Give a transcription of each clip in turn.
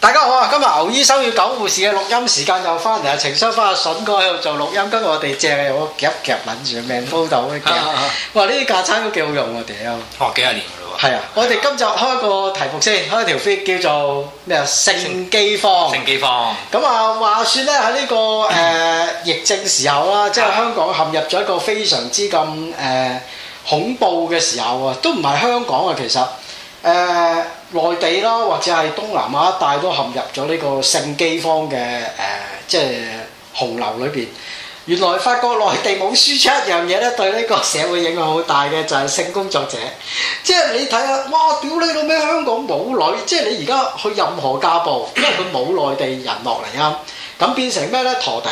大家好啊！今日牛醫生要狗護士嘅錄音時間又翻嚟啊！情商阿筍哥喺度做錄音，跟住我哋正又夾夾諗住命撈到。哇！呢啲架餐都幾好用啊！屌，哦，幾廿年噶啦喎。係啊，我哋今集開個題目先，開條 fit 叫做咩啊？性饑荒。性饑荒。咁啊，話說咧喺呢、這個誒、呃、疫症時候啦，嗯、即係香港陷入咗一個非常之咁誒、呃、恐怖嘅時候啊，都唔係香港啊，其實誒。呃內地啦，或者係東南亞一帶都陷入咗呢個性饑荒嘅誒、呃，即係洪流裏邊。原來發覺內地冇輸出一樣嘢咧，對呢個社會影響好大嘅就係、是、性工作者。即係你睇下，哇！屌你老咩？香港冇女。即係你而家去任何家暴，因為佢冇內地人落嚟 啊。咁、呃、變成咩咧？陀地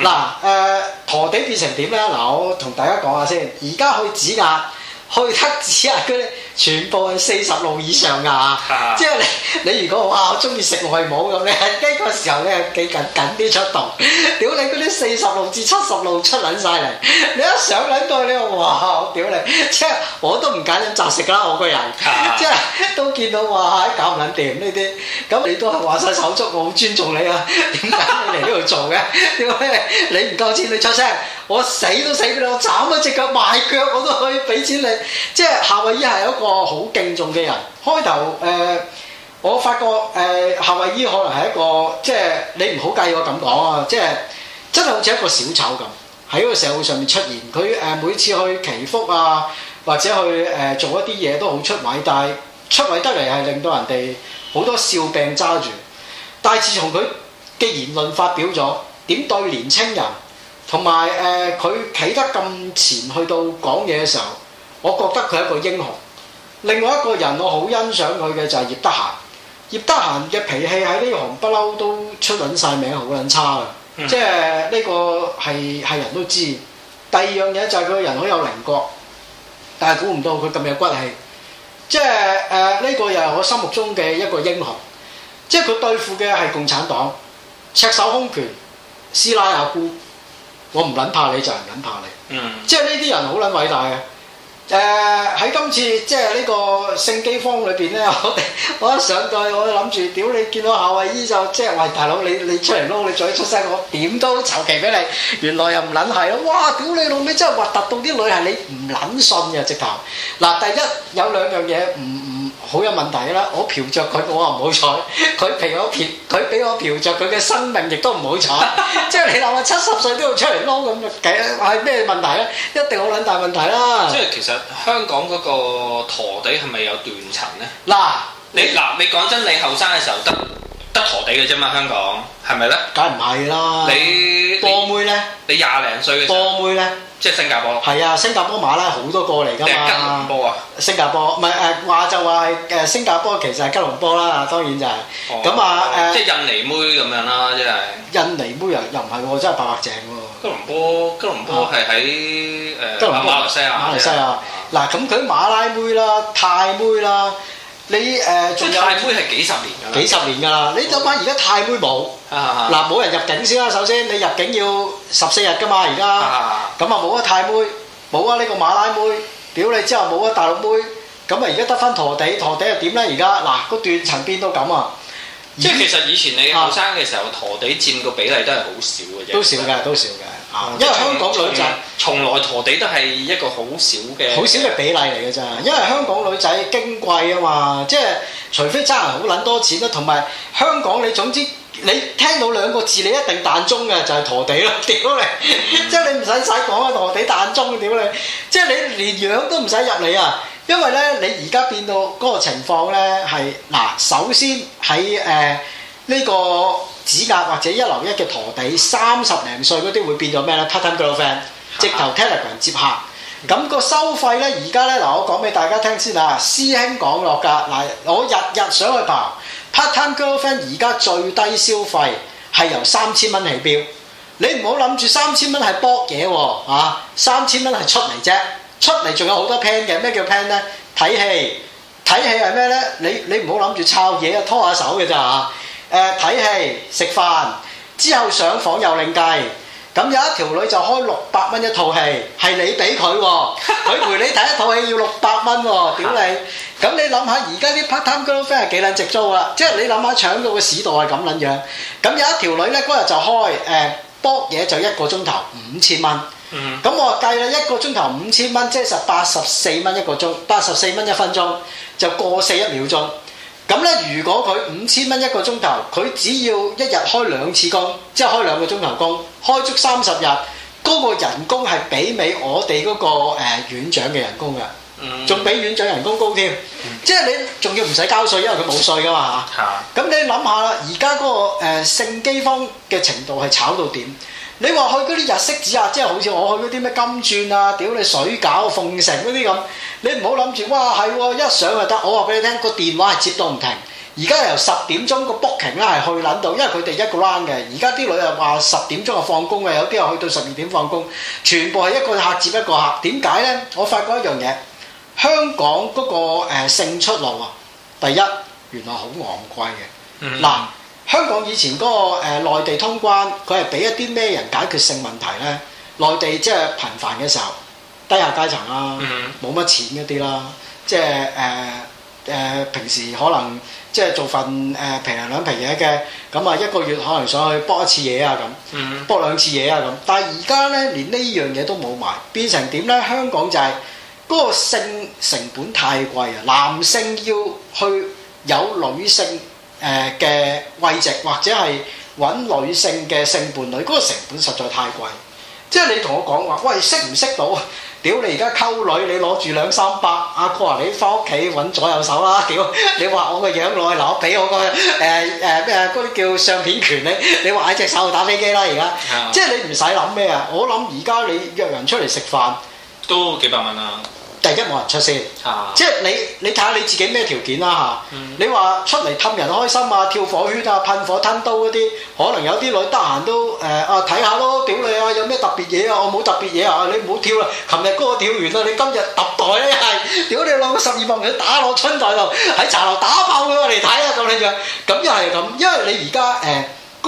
嗱誒，陀地變成點咧？嗱，我同大家講下先。而家去指壓，去得指壓嘅。全部係四十路以上㗎，啊、即係你你如果哇我中意食外母咁，你喺呢個時候咧幾緊緊啲出動，屌你嗰啲四十路至七十路出撚晒嚟，你一上撚到你哇，我屌你，即係我都唔揀飲擇食㗎啦，我個人，啊、即係都見到哇搞唔撚掂呢啲，咁你都係話晒手足，我好尊重你啊，點解你嚟呢度做嘅？屌 你，你唔夠錢你出聲，我死都死我斬咗隻腳賣腳我都可以俾錢你，即係夏慧姨係一個好敬重嘅人，開頭誒我發覺誒、呃、夏蕙姨可能係一個即係你唔好介意我咁講啊，即係真係好似一個小丑咁喺個社會上面出現，佢，誒每次去祈福啊，或者去誒、呃、做一啲嘢都好出位，但係出位得嚟係令到人哋好多笑柄揸住。但係自從佢嘅言論發表咗，點對年青人同埋誒佢企得咁前去到講嘢嘅時候，我覺得佢係一個英雄。另外一個人我，我好欣賞佢嘅就係葉德嫻。葉德嫻嘅脾氣喺呢行不嬲都出撚晒名，好撚差啦。即係呢、這個係係人都知。第二樣嘢就係佢個人好有稜角，但係估唔到佢咁有骨氣。即係誒呢個又係我心目中嘅一個英雄。即係佢對付嘅係共產黨，赤手空拳，師奶阿姑，我唔撚怕，怕你，就係唔撚怕你。即係呢啲人好撚偉大嘅。誒喺、呃、今次即係呢個性饑荒裏邊咧，我我一上台，我諗住屌你見到夏慧姨就即係，喂，大佬，你你出嚟咯，你再出聲，我點都籌期俾你。原來又唔撚係咯，哇！屌你老味真係核突到啲女係你唔撚信嘅直頭。嗱，第一有兩樣嘢唔唔。嗯嗯好有問題啦！我嫖着佢，我話唔好彩，佢俾我，我嫖，佢俾我嫖著佢嘅生命亦都唔好彩。 即係你諗下七十歲都要出嚟撈咁嘅計，係咩問題咧？一定好撚大問題啦！即係其實香港嗰個陀地係咪有斷層呢？嗱，你嗱，你講真，你後生嘅時候得。嘅啫嘛，香港係咪咧？梗唔係啦。你波妹咧？你廿零歲嘅時候。波妹咧？即係新加坡。係啊，新加坡馬拉好多個嚟㗎嘛。吉隆坡啊，新加坡唔係誒話就話係誒新加坡其實係吉隆坡啦，當然就係。咁啊誒。即係印尼妹咁樣啦，即係。印尼妹又又唔係喎，真係白白淨喎。吉隆坡，吉隆坡係喺誒馬來西亞。馬來西亞嗱，咁佢啲馬拉妹啦，泰妹啦。你誒、呃，有即泰妹係幾十年噶啦？幾十年噶啦！好你諗下，而家泰妹冇，嗱冇、啊啊、人入境先啦。首先你入境要十四日噶嘛，而家咁啊冇啊泰妹，冇啊呢個馬拉妹，屌你之後冇啊大陸妹，咁啊而家得翻陀地，陀地又點咧、啊？而家嗱個斷層變到咁啊！即係其實以前你後生嘅時候，啊、陀地佔個比例都係好少嘅啫，都、啊、少嘅，都少嘅。因為香港女仔從來陀地都係一個好少嘅，好少嘅比例嚟嘅咋。因為香港女仔矜貴啊嘛，即係除非真係好撚多錢啦，同埋香港你總之你聽到兩個字你一定彈鐘嘅就係、是、陀地咯，屌 你！即係你唔使使講啊，陀地彈鐘，屌你！即、就、係、是、你連樣都唔使入嚟啊，因為咧你而家變到嗰個情況咧係嗱，首先喺誒。呃呢個指甲或者一樓一嘅陀地三十零歲嗰啲會變咗咩呢 part-time girlfriend 直頭 Telegram 接客，咁、啊、個收費呢，而家呢，嗱，我講俾大家聽先啊，師兄講落㗎嗱，我日日想去爬。part-time girlfriend，而家最低消費係由三千蚊起標，你唔好諗住三千蚊係搏嘢喎三千蚊係出嚟啫，出嚟仲有好多 pan 嘅，咩叫 pan 呢？睇戲，睇戲係咩呢？你你唔好諗住抄嘢啊，拖下手嘅咋。嚇。睇、呃、戲食飯之後上房又另計，咁、呃、有一條女就開六百蚊一套戲，係你俾佢喎，佢 陪你睇一套戲要六百蚊喎，屌你！咁、呃、 你諗下而家啲 part-time girlfriend 係幾撚值租啊？即係你諗下搶到個市道係咁撚樣。咁、呃、有一條女呢，嗰日就開誒搏嘢就一個鐘頭五千蚊，咁 我計你一個鐘頭五千蚊，即係十八十四蚊一個鐘，八十四蚊一分鐘就過四一秒鐘。咁咧，如果佢五千蚊一個鐘頭，佢只要一日開兩次工，即係開兩個鐘頭工，開足三十日，嗰、那個人工係媲美我哋嗰、那個、呃、院長嘅人工嘅，仲比院長人工高添，嗯、即係你仲要唔使交稅，因為佢冇稅噶嘛。咁、啊、你諗下啦，而家嗰個、呃、性饑荒嘅程度係炒到點？你話去嗰啲日式指壓，即係好似我去嗰啲咩金鑽啊，屌你水餃鳳城嗰啲咁，你唔好諗住哇係喎，一上就得。我話俾你聽，個電話係接到唔停。而家由十點鐘個 booking 咧係去撚到，因為佢哋一個 round 嘅。而家啲女又話十點鐘就放工嘅，有啲又去到十二點放工，全部係一個客接一個客。點解呢？我發覺一樣嘢，香港嗰個、呃、性出路啊，第一原來好昂貴嘅，嗱、mm。Hmm. 香港以前嗰、那個誒、呃、內地通關，佢係俾一啲咩人解決性問題咧？內地即係頻繁嘅時候，低下階層啦、啊，冇乜、mm hmm. 錢嗰啲啦，即係誒誒平時可能即係做份誒平、呃、兩皮嘢嘅，咁啊一個月可能上去搏一次嘢啊咁，搏、mm hmm. 兩次嘢啊咁。但係而家咧，連呢樣嘢都冇埋，變成點咧？香港就係嗰個性成本太貴啊！男性要去有女性。誒嘅位置，或者係揾女性嘅性伴侶，嗰個成本實在太貴。即係你同我講話，喂，識唔識到屌你而家溝女，你攞住兩三百，阿哥啊，你翻屋企揾左右手啦！屌你話我個樣耐，嗱我俾我個誒誒咩嗰啲叫相片權你，你話喺隻手度打飛機啦而家。 即係你唔使諗咩啊？我諗而家你約人出嚟食飯都幾百蚊啊！第一冇人出先，啊、即係你你睇下你自己咩條件啦嚇。嗯、你話出嚟氹人開心啊，跳火圈啊，噴火吞刀嗰啲，可能有啲女得閒都誒啊睇下咯，屌你啊，有咩特別嘢啊？我冇特別嘢啊，你唔好跳啦。琴日嗰個跳完啦，你今日揼袋啊，又係，屌你攞個十二萬佢打落春袋度，喺茶樓打爆佢嚟睇啊咁樣。咁又係咁，因為你而家誒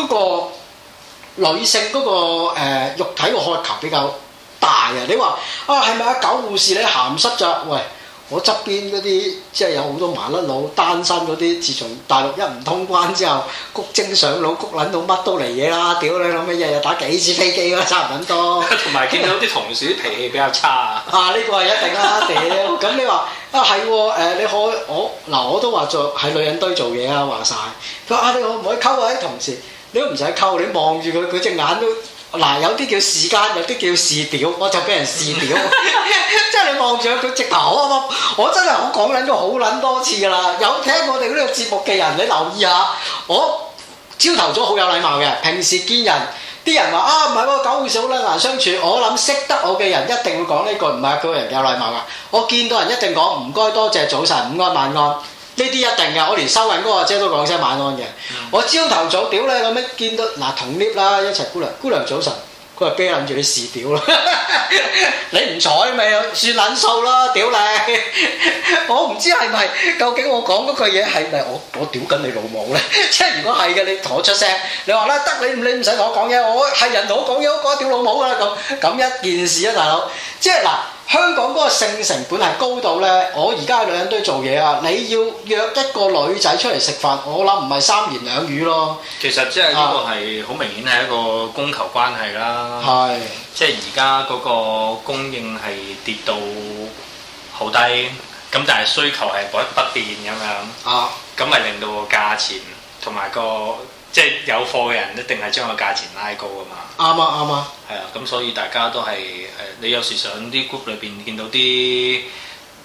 嗰個女性嗰、嗰個、呃、肉體嘅渴求比較大啊！你話啊係咪啊，狗護士你鹹濕着，喂，我側邊嗰啲即係有好多麻甩佬單身嗰啲，自從大陸一唔通關之後，谷精上腦，谷撚到乜都嚟嘢啦！屌你諗咩？日日打幾次飛機啦，差唔多。同埋見到啲同事脾氣比較差。 啊，呢、這個係一定啦！屌， 咁你話啊係喎、啊？你可我嗱、啊、我都話做喺女人堆做嘢啊，話晒。佢話啊，你可唔可以好溝啊啲同事，你都唔使溝，你望住佢佢隻眼都。嗱，有啲叫時間，有啲叫視屌，我就俾人視屌，即係你望住佢直頭啊！我真係我講撚咗好撚多次噶啦，有聽我哋呢個節目嘅人，你留意下，我朝頭早好有禮貌嘅，平時見人啲人話啊唔係喎，九號少啦難相處，我諗識得我嘅人一定會講呢句，唔係佢個人有禮貌噶，我見到人一定講唔該多謝早晨，午安晚安。呢啲一定嘅，我連收銀嗰阿姐都講聲晚安嘅。我朝頭早屌你咁樣，見到嗱同 lift 啦一齊姑娘姑娘早晨，佢話俾人諗住你死屌咯， 你唔睬咪算撚數咯，屌你！ 我唔知係咪究竟我講嗰句嘢係咪我我屌緊你老母咧？ 即係如果係嘅，你同我出聲，你，你話啦，得你你唔使同我講嘢，我係人同我講嘢，我覺得屌老母啊咁咁一件事啊大佬，即係嗱。香港嗰個性成本係高到呢。我而家喺女人堆做嘢啊！你要約一個女仔出嚟食飯，我諗唔係三言兩語咯。其實即係呢個係好明顯係一個供求關係啦。係、啊，即係而家嗰個供應係跌到好低，咁但係需求係冇不變咁樣。啊，咁咪令到個價錢同埋、嗰個。即係有貨嘅人一定係將個價錢拉高啊嘛！啱啊啱啊！係啊，咁、啊、所以大家都係誒、呃，你有時上啲 group 裏邊見到啲誒、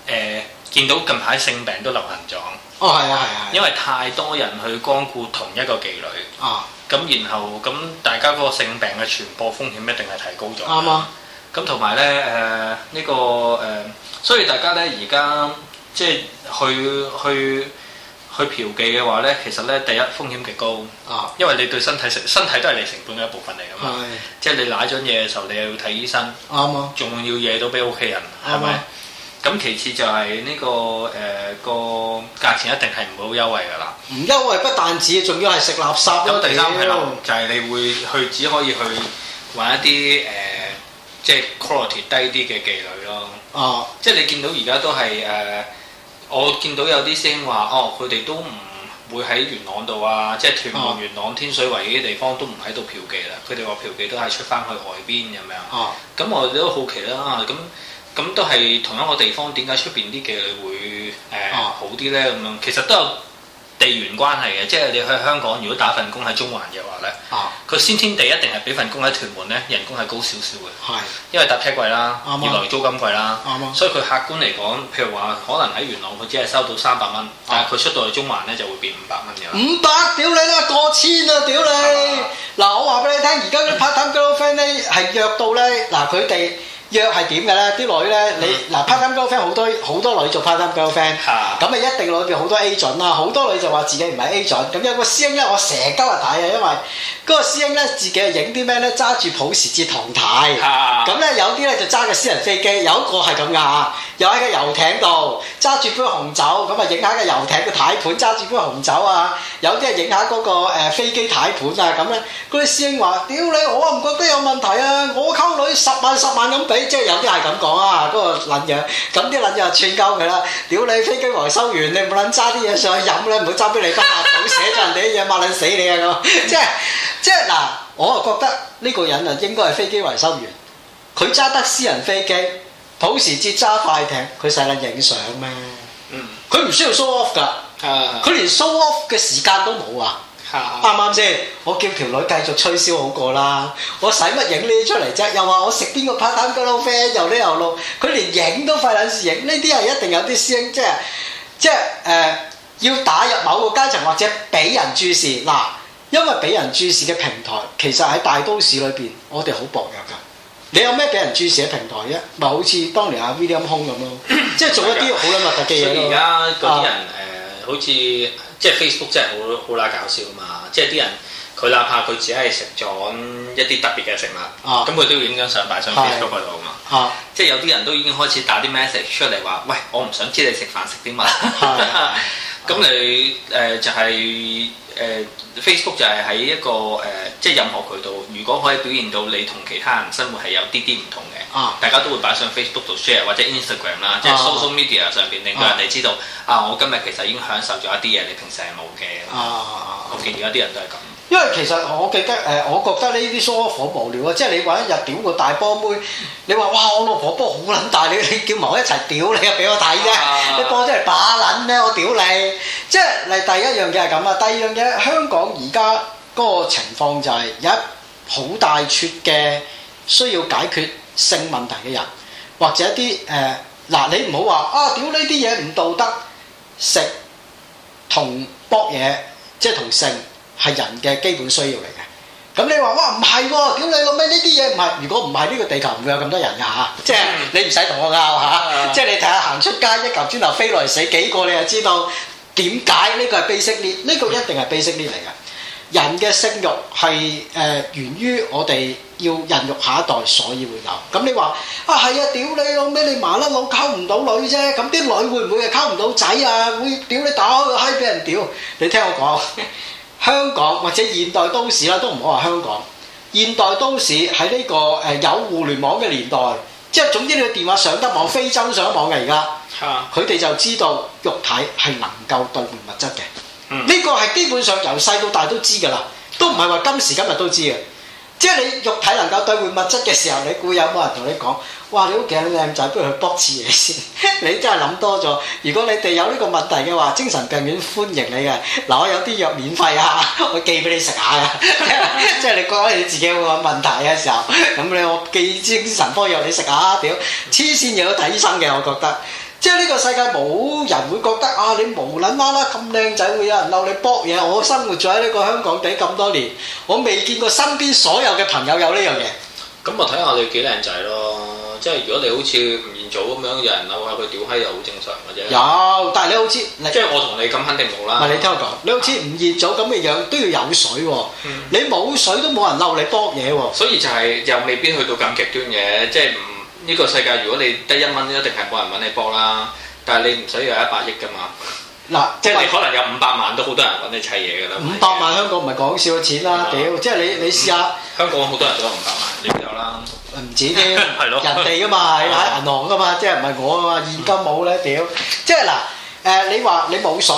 呃，見到近排性病都流行咗。哦，係啊，係啊。啊因為太多人去光顧同一個妓女。啊！咁然後咁，大家嗰個性病嘅傳播風險一定係提高咗。啱啊！咁同埋咧誒，呢、呃這個誒、呃，所以大家咧而家即係去去。去去嫖妓嘅話咧，其實咧第一風險極高，啊，因為你對身體食身體都係你成本嘅一部分嚟㗎嘛，即係你攋咗嘢嘅時候，你又要睇醫生，啱啊，仲要惹到俾屋企人，係咪？咁其次就係呢個誒個價錢一定係唔會好優惠㗎啦，唔優惠不但止，仲要係食垃圾。咁第三係啦，就係你會去只可以去玩一啲誒，即係 quality 低啲嘅妓女咯，啊，即係你見到而家都係誒。我見到有啲聲話，哦，佢哋都唔會喺元朗度啊，即係屯門、元朗、嗯、天水圍呢啲地方都唔喺度嫖妓啦。佢哋話嫖妓都係出翻去外邊，咁樣，咁我哋都好奇啦，咁咁都係同一個地方，點解出邊啲妓女會誒、呃嗯、好啲呢？咁樣其實都有。地緣關係嘅，即係你去香港，如果打份工喺中環嘅話咧，佢先天地一定係比份工喺屯門呢，人工係高少少嘅，因為搭車貴啦，二來租金貴啦，所以佢客觀嚟講，譬如話可能喺元朗佢只係收到三百蚊，但係佢出到去中環呢就會變五百蚊嘅。五百？屌你啦，過千啊屌你！嗱我話俾你聽，而家啲 part time girlfriend 呢係約到呢，嗱佢哋。約係點嘅咧？啲女咧，你嗱 part time girlfriend 好多好多女做 part time girlfriend，咁啊一定裏面好多 agent 啦。好多女就話自己唔係 agent。咁有個師兄咧，我成日都嚟睇啊，因為嗰個師兄咧自己係影啲咩咧？揸住保時捷糖睇，咁咧有啲咧就揸個私人飛機，有一個係咁噶嚇，又喺個遊艇度揸住杯紅酒，咁啊影下個遊艇嘅呔盤揸住杯紅酒啊，有啲係影下嗰個誒飛機呔盤啊咁咧。嗰啲師兄話：屌你，我唔覺得有問題啊，我溝女十萬十萬咁俾。即係有啲係咁講啊，嗰、嗰個撚樣，咁啲撚樣串鳩佢啦！屌 你飛機維修員，你唔撚揸啲嘢上去飲，你唔好揸俾你翻壓倒，寫咗人哋啲嘢，抹撚死你啊！咁即係即係嗱，我啊覺得呢個人啊應該係飛機維修員，佢揸得私人飛機，普時節揸快艇，佢使撚影相咩？嗯，佢唔需要 show off 㗎，佢連 show off 嘅時間都冇啊！啱啱先？啊、吧我叫條女繼續吹簫好過啦。我使乜影呢啲出嚟啫？又話我食邊個 part time girlfriend 又呢又露。佢連影都費撚事影。呢啲係一定有啲聲，即係即係誒要打入某個階層或者俾人注視嗱。因為俾人注視嘅平台其實喺大都市裏邊，我哋好薄弱㗎。你有咩俾人注視嘅平台啫？咪好似當年阿 VDM 空咁咯， 即係做一啲好撚特別嘅嘢咯。所以而家啲人誒、呃，好似。即係 Facebook 真係好好乸搞笑啊嘛！即係啲人，佢哪怕佢只係食咗一啲特別嘅食物，咁佢、啊、都要影張相擺上 Facebook 度啊嘛！即係有啲人都已經開始打啲 message 出嚟話：喂，我唔想知你食飯食啲乜。 咁你誒、呃、就係、是、誒、呃、Facebook 就係喺一個誒即係任何渠道，如果可以表現到你同其他人生活係有啲啲唔同嘅，啊、大家都會擺上 Facebook 度 share 或者 Instagram 啦，即、就、係、是、social media 上邊令到人哋知道啊，啊！我今日其實已經享受咗一啲嘢，你平時係冇嘅。啊，ok，而家啲人都係咁。因為其實我記得誒、呃，我覺得呢啲疏火無聊啊，即係你話一日屌個大波妹，你話哇我老婆波好撚大，你你叫埋我一齊屌你啊俾我睇啫，你波真係把撚咧我屌你！即係嚟第一樣嘢係咁啊，第二樣嘢香港而家嗰個情況就係、是、有一好大撮嘅需要解決性問題嘅人，或者一啲誒嗱，你唔好話啊屌呢啲嘢唔道德，食同搏嘢即係同性。係人嘅基本需要嚟嘅，咁你話哇唔係喎？屌、啊、你老味呢啲嘢唔係，如果唔係呢個地球唔會有咁多人㗎、啊、嚇、啊。即係你唔使同我拗嚇，啊、 即係你睇下行出街一嚿磚頭飛落嚟死幾個，你就知道點解呢個係 basic 呢？呢個一定係 basic 嚟嘅。人嘅性欲係誒源於我哋要孕育下一代，所以會有。咁你話啊係啊？屌、啊、你老味，你麻甩佬溝唔到女啫，咁啲女會唔會係溝唔到仔啊？會？屌你打開個閪俾人屌！你聽我講。 香港或者現代都市啦，都唔好話香港。現代都市喺呢、這個誒、呃、有互聯網嘅年代，即係總之你電話上得網，非洲都上得網嘅而家，佢哋就知道肉體係能夠兌換物質嘅。呢、嗯、個係基本上由細到大都知㗎啦，都唔係話今時今日都知嘅。即係你肉體能夠兌換物質嘅時候，你估有冇人同你講？哇！你好勁，靚仔，不如去卜次嘢先。 你真係諗多咗。如果你哋有呢個問題嘅話，精神病院歡迎你嘅。嗱、呃，我有啲藥免費啊，我寄俾你食下嘅、啊。即 係你覺得你自己會有問題嘅時候，咁你我寄精神科藥你食下。屌，黐線又要睇醫生嘅，我覺得。即係呢個世界冇人會覺得啊，你無倫啦啦咁靚仔會有人鬧你卜嘢。我生活咗喺呢個香港地咁多年，我未見過身邊所有嘅朋友有呢樣嘢。咁啊，睇下我哋幾靚仔咯～即係如果你好似吳彥祖咁樣有人嬲下佢屌閪又好正常嘅啫。有，但係你好似即係我同你咁肯定冇啦。唔係你聽我講，你好似吳彥祖咁嘅樣都要有水喎。你冇水都冇人嬲你博嘢喎。所以就係又未必去到咁極端嘅，即係唔呢個世界，如果你得一蚊，一定係冇人揾你博啦。但係你唔使有一百億㗎嘛。嗱，即係你可能有五百萬都好多人揾你砌嘢㗎啦。五百萬香港唔係講笑嘅錢啦，屌！即係你你試下。香港好多人都有五百萬，你都有啦。唔止添， 人哋噶嘛，喺銀行噶嘛，即係唔係我啊嘛？現金冇咧，屌！即係嗱，誒、呃、你話你冇水，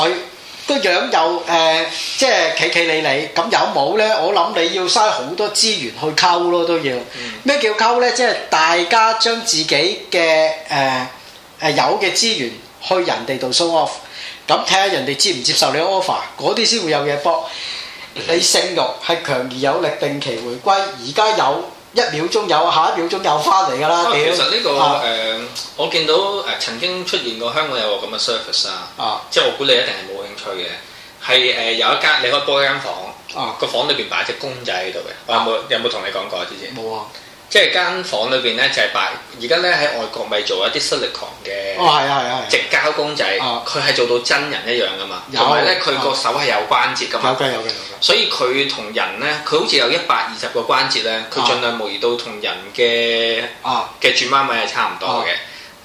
都樣又誒、呃，即係企企理理，咁有冇咧？我諗你要嘥好多資源去溝咯，都要咩叫溝咧？即係大家將自己嘅誒誒有嘅資源去人哋度 show off，咁睇下人哋接唔接受你 offer，嗰啲先會有嘢搏。你性慾係強而有力，定期回歸，而家有。一秒鐘有下一秒鐘又翻嚟㗎啦！啊、要其實呢、這個，誒、啊呃，我見到誒曾經出現過香港有個咁嘅 service 啊，啊即係我估你一定係冇興趣嘅，係誒、呃、有一間你開多一間房，個、啊、房裏邊擺隻公仔喺度嘅，有冇有冇同你講過之前？冇啊。即係間房裏邊咧就係擺，而家咧喺外國咪做一啲失力狂嘅哦，啊係啊，直交公仔，佢係做到真人一樣噶嘛，同埋咧佢個手係有關節噶嘛，有嘅有嘅有嘅，所以佢同人咧佢好似有一百二十個關節咧，佢盡量模擬到同人嘅哦嘅轉彎位係差唔多嘅，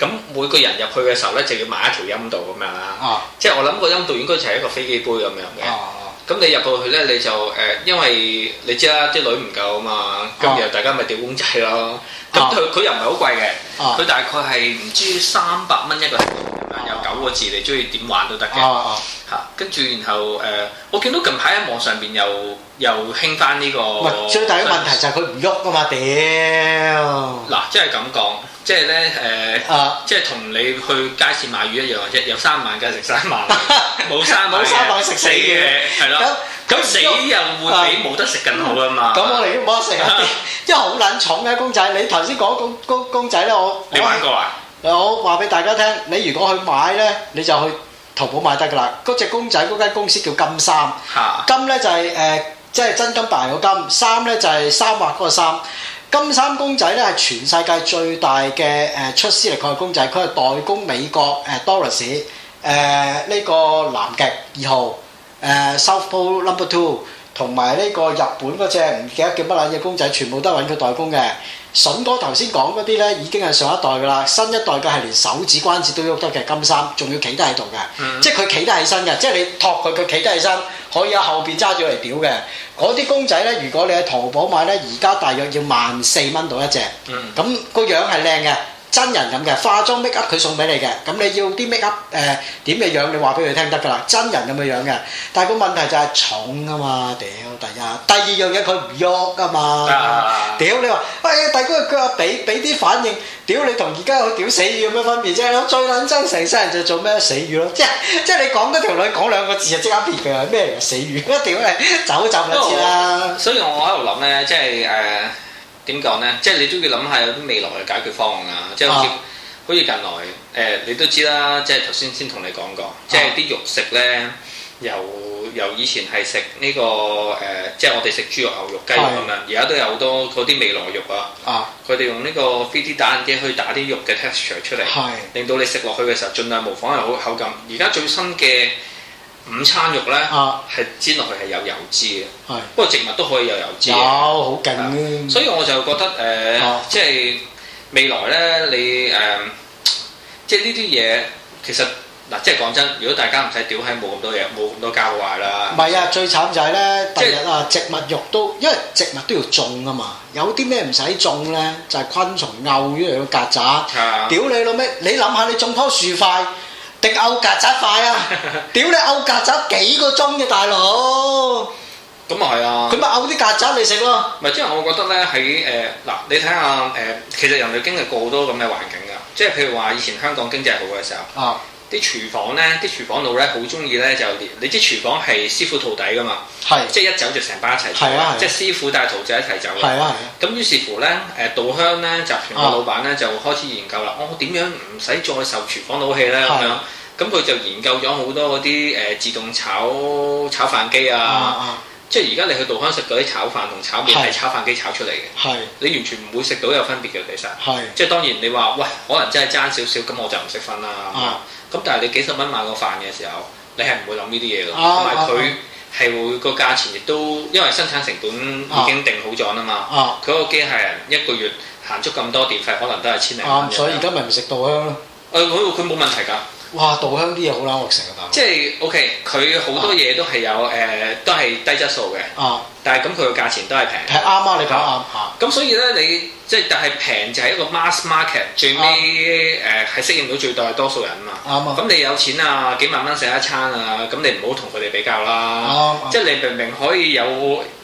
咁、啊、每個人入去嘅時候咧就要買一條陰道咁樣啦，啊、即係我諗個陰道應該就係一個飛機杯咁樣嘅。啊啊啊咁你入到去咧，你就誒，因、呃、為你知啦，啲女唔夠啊嘛，咁、啊、然後大家咪掉公仔咯。咁佢佢又唔係好貴嘅，佢、啊、大概係唔知三百蚊一個，有、啊、九個字，你中意點玩都得嘅。嚇、啊，跟、啊、住然後誒、呃，我見到近排喺網上邊又又興翻呢個。最大嘅問題就係佢唔喐啊嘛，屌！嗱、啊，即係咁講。即係咧誒，即係同你去街市買魚一樣啫，有三萬梗係食三萬，冇三萬冇三萬食死嘅，係咯。咁咁死又會比冇得食更好啊嘛。咁我哋都冇得食啊，因為好撚重嘅公仔。你頭先講公公仔咧，我你玩過啊？我話俾大家聽，你如果去買咧，你就去淘寶買得㗎啦。嗰隻公仔嗰間公司叫金三，金咧就係誒，即係真金白銀金，三咧就係三萬嗰個三。金三公仔咧係全世界最大嘅誒，出私力嘅公仔，佢係代工美國誒、啊、Doris 誒、呃、呢、這個南極二號誒、呃、South Pole Number Two，同埋呢個日本嗰隻唔記得叫乜撚嘢公仔，全部都係揾佢代工嘅。筍哥頭先講嗰啲呢，已經係上一代噶啦，新一代嘅係連手指關節都喐得嘅金衫，仲要企得喺度嘅，即係佢企得起身嘅，即係你托佢，佢企得起身，可以喺後邊揸住嚟屌嘅。嗰啲公仔呢，如果你喺淘寶買呢，而家大約要萬四蚊到一隻，咁個樣係靚嘅。真人咁嘅，化妝 make up 佢送俾你嘅，咁你要啲 make up 誒點嘅樣，你話俾佢聽得㗎啦，真人咁嘅樣嘅。但係個問題就係重啊嘛，屌第一，第二樣嘢佢唔喐啊嘛，屌、啊啊、你話，喂大哥佢話俾俾啲反應，屌你同而家佢屌死魚有咩分別啫？我最撚憎成世人就做咩死魚咯，即係即係你講嗰條女講兩個字就即刻佢嘅，咩死魚？我屌你走就唔知啦。所以我喺度諗呢，即係誒。Uh 點講呢？即係你都要諗下有啲未來嘅解決方案啊！即係好似、啊、好似近來誒、呃，你都知啦，即係頭先先同你講過，啊、即係啲肉食呢，由由以前係食呢個誒、呃，即係我哋食豬肉、牛肉、雞肉咁樣，而家都有好多嗰啲未來肉啊！啊，佢哋用呢個 3D 打印機去打啲肉嘅 texture 出嚟，是令到你食落去嘅時候盡量模仿係好口感。而家最新嘅。午餐肉咧係煎落去係有油脂嘅，不過是 植物都可以有油脂嘅，有好勁、嗯、所以我就覺得誒、呃哦呃，即係未來咧，你誒、呃，即係呢啲嘢其實嗱，即係講真，如果大家唔使屌閪，冇咁多嘢，冇咁多教壞啦。唔係啊，以最慘就係、是、咧，第日啊，植物肉都因為植物都要種啊嘛，有啲咩唔使種咧，就係、是、昆蟲摳咗嚟嘅曱甴，屌你老咩！你諗下，你種棵樹塊。定咬曱甴快 啊，啊！屌你咬曱甴幾個鐘嘅大佬？咁啊係啊！咁咪咬啲曱甴嚟食咯？咪即係我覺得咧喺誒嗱，你睇下誒，其實人類經歷過好多咁嘅環境㗎，即係譬如話以前香港經濟好嘅時候。啊啊啲廚房咧，啲廚房佬咧好中意咧就，你知廚房係師傅徒弟㗎嘛？係，即係一走就成班一齊走，即係師傅帶徒弟一齊走。咁於是乎咧，誒稻香咧集團個老闆咧就開始研究啦。我點樣唔使再受廚房佬氣咧咁樣？咁佢就研究咗好多嗰啲誒自動炒炒飯機啊，即係而家你去稻香食嗰啲炒飯同炒麵係炒飯機炒出嚟嘅。你完全唔會食到有分別嘅其實。即係當然你話喂，可能真係爭少少，咁我就唔識分啦。咁但係你幾十蚊買個飯嘅時候，你係唔會諗呢啲嘢嘅。同埋佢係會個、啊、價錢亦都因為生產成本已經定好咗啦嘛。佢、啊、個機械人一個月行足咁多電費，可能都係千零蚊、啊。所以而家咪唔食稻香。誒、啊，佢冇問題㗎。哇！稻香啲嘢好難食㗎，大佬即係 OK，佢好多嘢都係有誒、啊呃，都係低質素嘅。啊！但係咁，佢個價錢都係平，係啱啊！你講下，咁所以咧，你即係但係平就係一個 mass market，最尾誒係適應到最多嘅多數人啊嘛。啱咁、啊、你有錢啊，幾萬蚊食一餐啊，咁你唔好同佢哋比較啦。啊啊、即係你明明可以有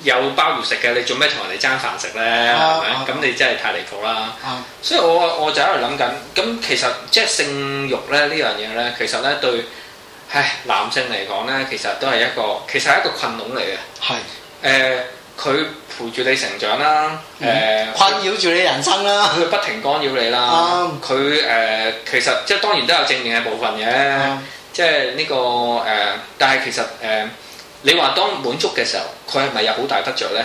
有鮑魚食嘅，你做咩同人哋爭飯食咧？係咪？咁你真係太離譜啦！啊、所以我我就喺度諗緊，咁其實即係性慾咧呢樣嘢咧，其實咧對，唉，男性嚟講咧，其實都係一個，其實係一,一個困籠嚟嘅，係。誒，佢、呃、陪住你成長啦，誒、呃嗯、它困擾住你人生啦，佢不停干擾你啦。佢誒、啊呃，其實即係當然都有正面嘅部分嘅，啊、即係、這、呢個誒、呃，但係其實誒、呃，你話當滿足嘅時候，佢係咪有好大得着咧？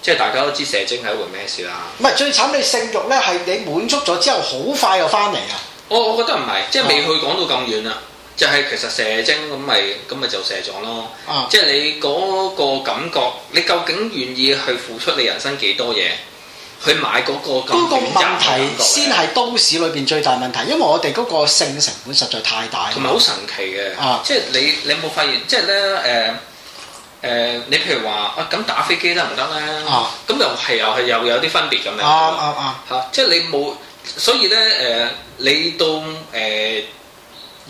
即係大家都知射精係一回咩事啦、啊。唔係最慘，你性慾咧係你滿足咗之後，好快又翻嚟啊！我我覺得唔係，即係未去講到咁遠啊。就係其實射精咁咪咁咪就射咗咯，啊、即係你嗰個感覺，你究竟願意去付出你人生幾多嘢？去買嗰個嗰個問題先係都市裏邊最大問題，因為我哋嗰個性成本實在太大。同埋好神奇嘅，即係、啊、你你有冇發現？即係咧誒誒，你譬如話啊，咁打飛機得唔得咧？咁、啊、又係又係又有啲分別咁樣。啊啊啊，啊！嚇、啊，啊、即係你冇，所以咧誒、呃，你到誒。到呃呃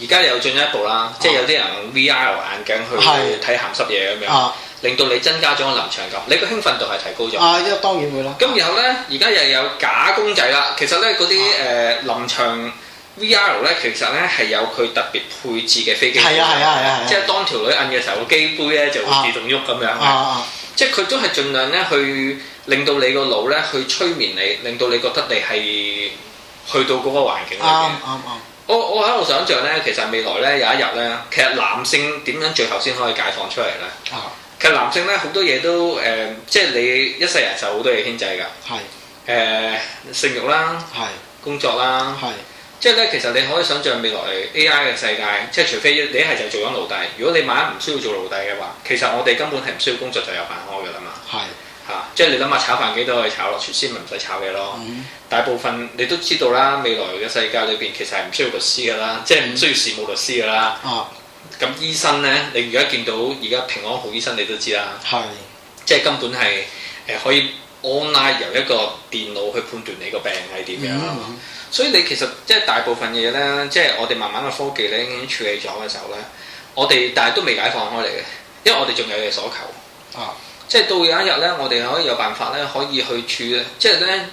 而家又進一步啦，即係有啲人用 VR 眼鏡去睇鹹濕嘢咁樣，啊、令到你增加咗臨場感，你個興奮度係提高咗。啊，一當然會啦。咁然後咧，而家又有假公仔啦。其實咧，嗰啲誒臨場 VR 咧，其實咧係有佢特別配置嘅飛機杯。係啊係啊係啊！啊啊啊即係當條女摁嘅時候，個機杯咧就會自動喐咁樣啊，啊，啊，啊即係佢都係盡量咧去令到你個腦咧去催眠你，令到你覺得你係去到嗰個環境裏面。啱啱、嗯。嗯嗯我我喺度想象呢，其實未來呢，有一日呢，其實男性點樣最後先可以解放出嚟呢？啊、其實男性呢，好多嘢都誒、呃，即係你一世人受好多嘢牽制㗎。係是、呃、性慾啦，係是工作啦，係是即係呢，其實你可以想象未來 AI 嘅世界，即係除非你一係就做緊奴隸，如果你萬一唔需要做奴隸嘅話，其實我哋根本係唔需要工作就有飯開㗎啦嘛。係。啊、即係你諗下，炒飯幾多可以炒落廚師咪唔使炒嘢咯？嗯、大部分你都知道啦，未來嘅世界裏邊其實係唔需要律師噶啦，即係唔需要事務律師噶啦。咁、嗯、醫生呢，你而家見到而家平安好醫生，你都知啦。係是，即係根本係誒、呃、可以 online 由一個電腦去判斷你個病係點樣。所以你其實即係大部分嘢呢，即係我哋慢慢嘅科技呢已經處理咗嘅時候呢，我哋但係都未解放開嚟嘅，因為我哋仲有嘢所求。啊！即係到有一日咧，我哋可以有辦法咧，可以去處理咧。即係咧，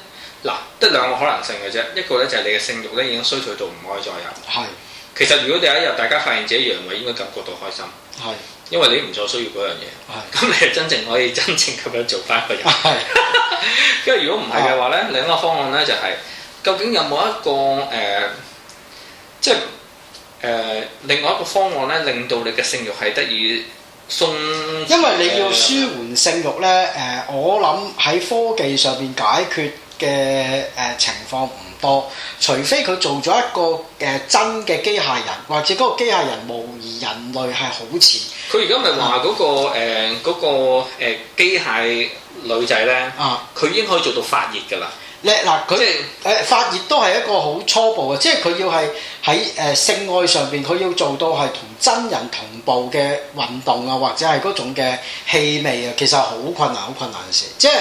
嗱，得兩個可能性嘅啫。一個咧就係、是、你嘅性慾咧已經衰退到唔可以再有。係是。其實如果第一日大家發現自己陽痿，應該感覺到開心。係是。因為你唔再需要嗰樣嘢。咁是你係真正可以真正咁樣做翻一個人。係是。 因為如果唔係嘅話咧，另一個方案咧就係，究竟有冇一個誒，即係誒，另外一個方案咧、就是呃呃、令到你嘅性慾係得以。順因為你要舒緩性慾咧，誒，我諗喺科技上邊解決嘅誒情況唔多，除非佢做咗一個誒真嘅機械人，或者嗰個機械人模擬人類係好似。佢而家咪話嗰個誒嗰、啊欸嗰個機械女仔咧，佢已經可以做到發熱㗎啦。嗱，佢誒，發熱都係一個好初步嘅，即係佢要係喺誒，性愛上邊，佢要做到係同真人同步嘅運動啊，或者係嗰種嘅氣味啊，其實好困難，好困難嘅事。即係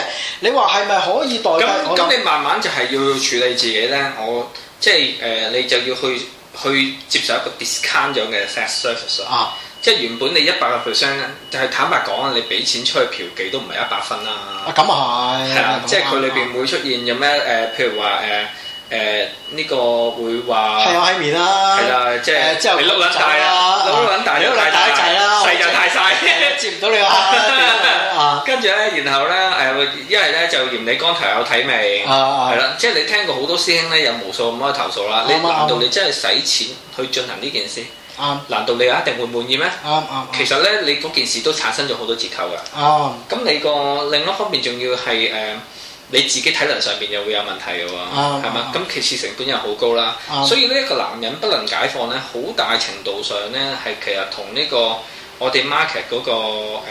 你話係咪可以代替？咁你慢慢就係要處理自己咧。我即係誒、呃，你就要去去接受一個 discount 咗嘅 fast service 啊。即係原本你一百個 percent，就係坦白講啊，你俾錢出去嫖妓都唔係一百分啦。啊咁啊係。係即係佢裏邊會出現有咩誒？譬如話誒誒呢個會話。係有欺騙啦。係啦，即係。之後。你碌撚大啊！碌撚大，大大一掣啦。細就太細，接唔到你啊！跟住咧，然後咧誒，一係咧就嫌你光頭有體味。啊係啦，即係你聽過好多師兄咧，有無數咁嘅投訴啦。你難道你真係使錢去進行呢件事？啱，難道你一定會滿意咩？其實咧，你嗰件事都產生咗好多折扣噶。咁你個另一方面仲要係誒，你自己體能上面又會有問題嘅喎，係嘛？咁其次成本又好高啦，所以呢一個男人不能解放咧，好大程度上咧係其實同呢個我哋 market 嗰個誒，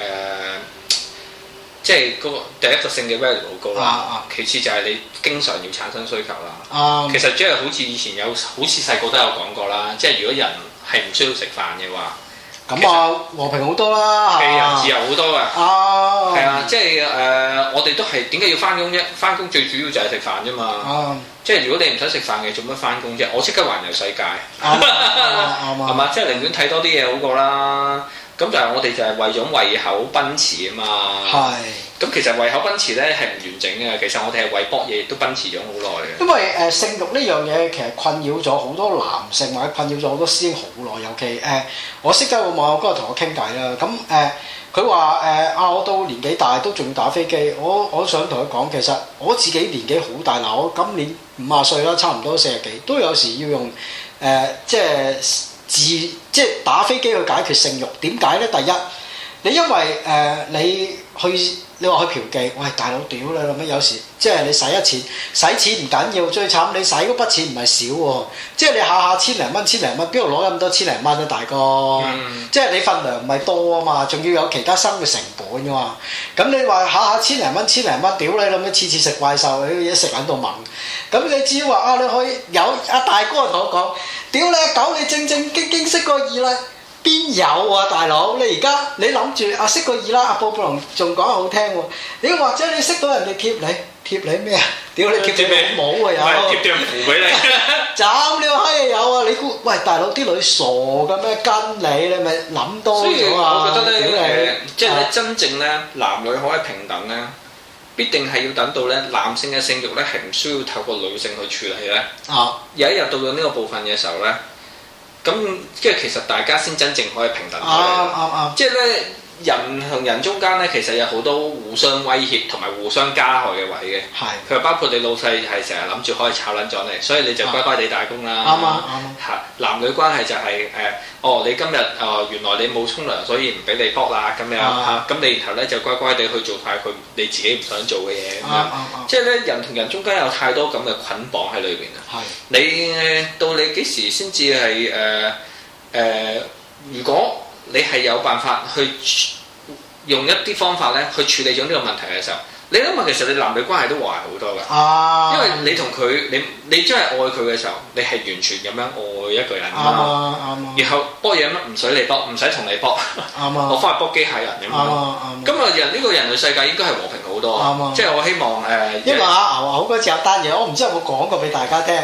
即係嗰第一個性嘅 value 好高啦。其次就係你經常要產生需求啦。其實即係好似以前有，好似細個都有講過啦，即係如果人。係唔需要食飯嘅話，咁啊和平好多啦，啊、自由好多啊。哦，係啊，即係誒、呃，我哋都係點解要翻工啫？翻工最主要就係食飯啫嘛，啊、即係如果你唔使食飯嘅，做乜翻工啫？我即刻環遊世界，係嘛？即係寧願睇多啲嘢好過啦。咁但係我哋就係為咗胃口奔馳啊嘛，咁係其實胃口奔馳咧係唔完整嘅，其實我哋係為搏嘢都奔馳咗好耐嘅。因為誒、呃、性慾呢樣嘢其實困擾咗好多男性，或者困擾咗好多師兄好耐，尤其誒我識得個網友嗰日同我傾偈啦，咁誒佢話誒啊，我都、呃呃、年紀大，都仲要打飛機，我我想同佢講，其實我自己年紀好大，嗱、呃、我今年五十歲啦，差唔多四十幾，都有時要用誒、呃、即係。自即係打飛機去解決性慾，點解咧？第一，你因為誒、呃，你去。你話佢嫖妓，喂大佬屌你！咁樣，有時即係你使一次，使錢唔緊要，最慘你使嗰筆錢唔係少喎，即係你下下千零蚊、千零蚊，邊度攞咁多千零蚊呀，大哥，嗯、即係你份糧唔係多啊嘛，仲要有其他生嘅成本嘅嘛，咁你話下下千零蚊、千零蚊，屌你咁樣，次次食怪獸，你嘢食喺度問，咁你只要話啊，你可以有阿、啊、大哥同我講，屌、啊、你阿狗，你正正，正，正經經識個二啦。邊有啊，大佬？你而家你諗住阿識個二啦，阿、啊啊、布布龍仲講得好聽喎。你、啊、或者你識到人哋貼你貼你咩啊？屌你貼張咩？冇啊有。貼張符俾你。斬呢閪啊有啊！你估喂、哎哎，大佬啲女傻㗎咩？跟你你咪諗多咗啊！所以我覺得咧誒，即係咧真正咧，男女可以平等咧，必定係要等到咧男性嘅性慾咧係唔需要透過女性去處理咧。啊！有 一日到咗呢個部分嘅時候咧。咁即係，其實大家先真正可以平等嘅。啊啊啊、即係咧。人同人中間咧，其實有好多互相威脅同埋互相加害嘅位嘅。係佢話包括你老細係成日諗住可以炒撚咗你，所以你就乖乖地打工啦。啱啊啱啊嚇！男女關係就係誒哦，你今日誒原來你冇沖涼，所以唔俾你卜啦咁樣嚇。咁你然後咧就乖乖地去做下佢你自己唔想做嘅嘢咁樣。即係咧人同人中間有太多咁嘅捆綁喺裏邊啦。係你到你幾時先至係誒誒？如果你係有辦法去用一啲方法咧去處理咗呢個問題嘅時候，你諗下其實你男女關係都壞好多嘅，因為你同佢你你真係愛佢嘅時候，你係完全咁樣愛一個人嘅啱啊啱啊，然後搏嘢乜唔使你搏，唔使同你搏，啱啊，我返去搏機械人咁樣，咁啊人呢個人類世界應該係和平好多，即係我希望誒，因為阿牛話好嗰次有單嘢，我唔知有冇講過俾大家聽，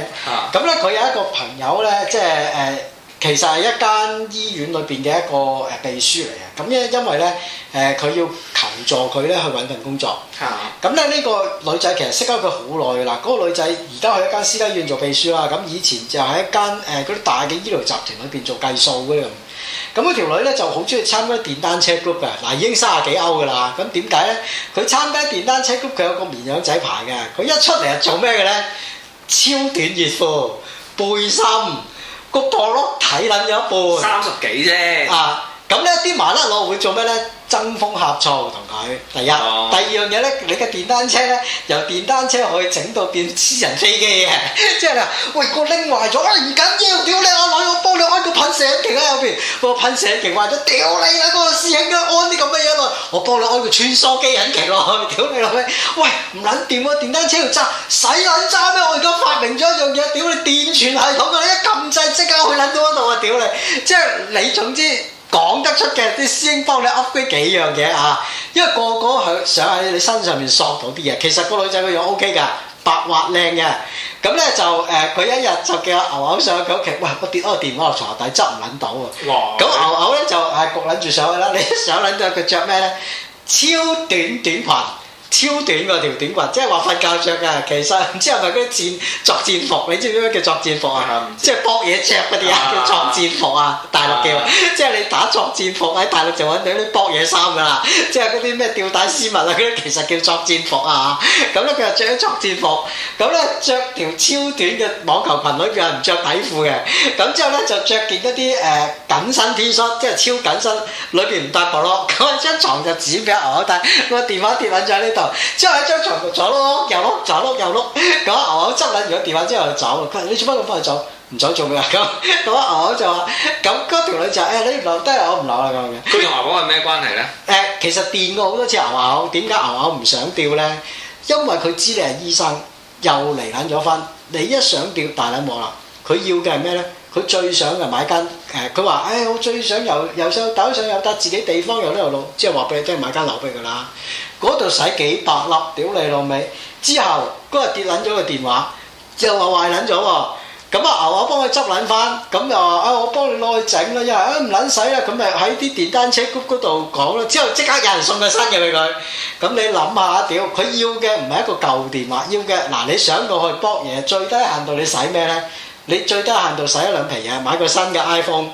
咁咧佢有一個朋友咧，即係誒。其實係一間醫院裏邊嘅一個誒秘書嚟啊！咁咧因為咧誒佢要求助佢咧去揾份工作。嚇、啊！咁咧呢個女仔其實識得佢好耐啦。嗰、那個女仔而家去一間私家醫院做秘書啦。咁、嗯、以前就喺一間誒嗰啲大嘅醫療集團裏邊做計數嘅咁。咁嗰條女咧就好中意參加電單車 group 嘅、嗯。嗱已經三十幾歐嘅啦。咁點解咧？佢參加電單車 group，佢有個綿羊仔牌嘅。佢一出嚟係做咩嘅咧？超短熱褲、背心。個破屋睇撚咗一半，三十幾啫。啊！咁呢啲麻甩佬會做咩呢？爭風呷醋同佢。第一，第二樣嘢呢，你嘅電單車呢，由電單車可以整到變私人飛機啊！即係啦，喂，我拎壞咗啊，唔緊要，屌你啊！我幫你安個噴射擎喺後邊，個噴射擎壞咗，屌你啦！個師兄，安啲咁嘅嘢落，我幫你安個穿梭機引擎落，去，屌你老味！喂，唔撚掂喎，電單車要揸，使撚揸咩？我而家發明咗一樣嘢，屌你電傳系統啊！一撳掣即刻去撚到嗰度啊！屌你，即係你，總之。講得出嘅啲師兄幫你 upgrade 幾樣嘢啊，因為個個係想喺你身上面索到啲嘢。其實個女仔個樣 OK 㗎，白滑靚嘅。咁咧就誒，佢、呃、一日就叫牛牛上去佢屋企，喂，我跌咗個電話落牀底，執唔撚到啊。咁哇牛牛咧就係焗撚住上去啦。你一想撚到佢着咩咧？超短短裙。超短嗰條短裙，即係話瞓覺著㗎。其實唔知係咪嗰啲戰作戰服，你知唔知咩叫作戰服、嗯、啊？即係搏嘢着嗰啲啊，叫作戰服啊，大陸叫。啊、即係你打作戰服喺大陸就揾到啲搏嘢衫㗎啦。即係嗰啲咩吊帶絲襪啊，嗰啲其實叫作戰服啊。咁咧佢就着咗作戰服，咁咧着條超短嘅網球裙裏邊，又唔着底褲嘅。咁之後咧就着件一啲誒緊身 T 恤，即係超緊身，裏邊唔搭襠咯。咁張床就紙被，牛但係我電話跌喺咗呢之後喺張床度坐咯，又碌坐碌右碌，牛牛執捻完個電話之後就走。佢話：你做乜咁快走？唔走做咩啊？咁咁我就話：咁嗰條女就誒、哎，你留低、哎、我唔留啦咁樣。佢同牛牛係咩關係咧？誒、哎，其實電過好多次牛牛，點解牛牛唔想掉咧？因為佢知你係醫生，又嚟捻咗翻。你一想掉大捻網啦，佢要嘅係咩咧？佢最想就買間誒，佢話：誒、哎，我最想由由上島上又搭自己地方，又呢條路，即係話俾你聽，買間樓俾你噶啦。嗰度使幾百粒屌你老味，之後嗰日跌撚咗個電話，又話壞撚咗喎。咁啊牛啊幫佢執撚翻，咁又話啊我幫你攞去整啦。又話啊唔撚使啦，咁咪喺啲電單車谷嗰度講啦。之後即刻有人送個新嘅俾佢。咁你諗下屌，佢要嘅唔係一個舊電話，要嘅嗱、啊、你想過去搏嘢，最低限度你使咩咧？你最低限度使一兩皮嘢，買個新嘅 iPhone